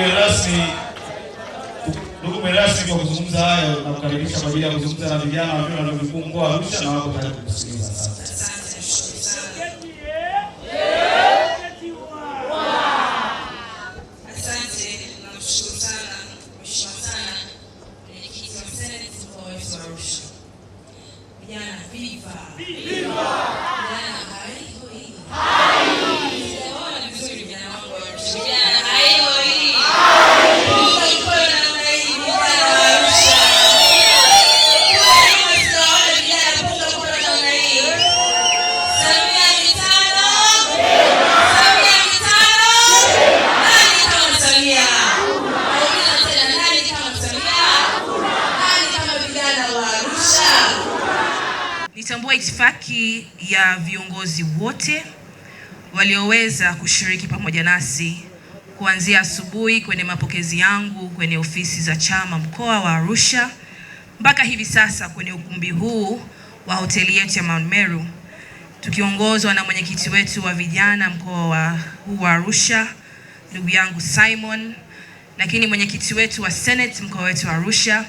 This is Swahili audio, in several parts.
mgeni rasmi, ndugu mgeni rasmi, kwa kuzungumza hayo na kukaribisha kwa ajili ya kuzungumza na vijana wa vyuo vikuu mkoa wa Arusha na wako tayari kukusikiliza. Asante. Vijana hai, hai. Vijana wangu wa Arusha. kutambua itifaki ya viongozi wote walioweza kushiriki pamoja nasi kuanzia asubuhi kwenye mapokezi yangu kwenye ofisi za chama mkoa wa Arusha mpaka hivi sasa kwenye ukumbi huu wa hoteli yetu ya Mount Meru tukiongozwa na mwenyekiti wetu wa vijana mkoa wa huu wa Arusha ndugu yangu Simon, lakini mwenyekiti wetu wa Senate mkoa wetu wa Arusha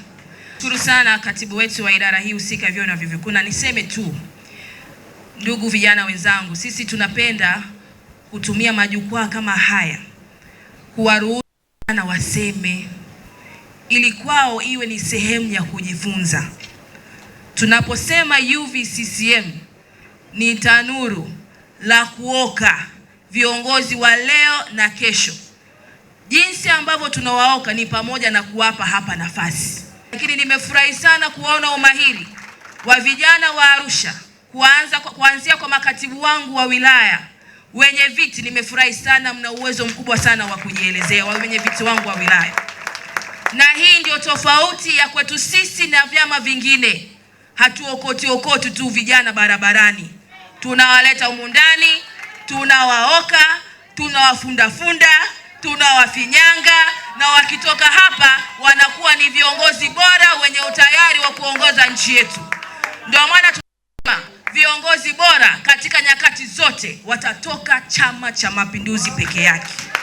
Shukuru sana katibu wetu wa idara hii husika vyo na vivyo. Kuna niseme tu, ndugu vijana wenzangu, sisi tunapenda kutumia majukwaa kama haya kuwaruhusu na waseme, ili kwao iwe ni sehemu ya kujifunza. Tunaposema UVCCM ni tanuru la kuoka viongozi wa leo na kesho. Jinsi ambavyo tunawaoka ni pamoja na kuwapa hapa nafasi lakini nimefurahi sana kuona umahiri wa vijana wa Arusha kuanza kuanzia kwa makatibu wangu wa wilaya, wenye viti. Nimefurahi sana, mna uwezo mkubwa sana wa kujielezea, wa wenye viti wangu wa wilaya, na hii ndio tofauti ya kwetu sisi na vyama vingine. Hatuokoti okoti tu vijana barabarani, tunawaleta humu ndani, tunawaoka, tunawafundafunda, tunawafinyanga, na wakitoka hapa ni viongozi bora wenye utayari wa kuongoza nchi yetu. Ndio maana tunasema viongozi bora katika nyakati zote watatoka Chama cha Mapinduzi peke yake.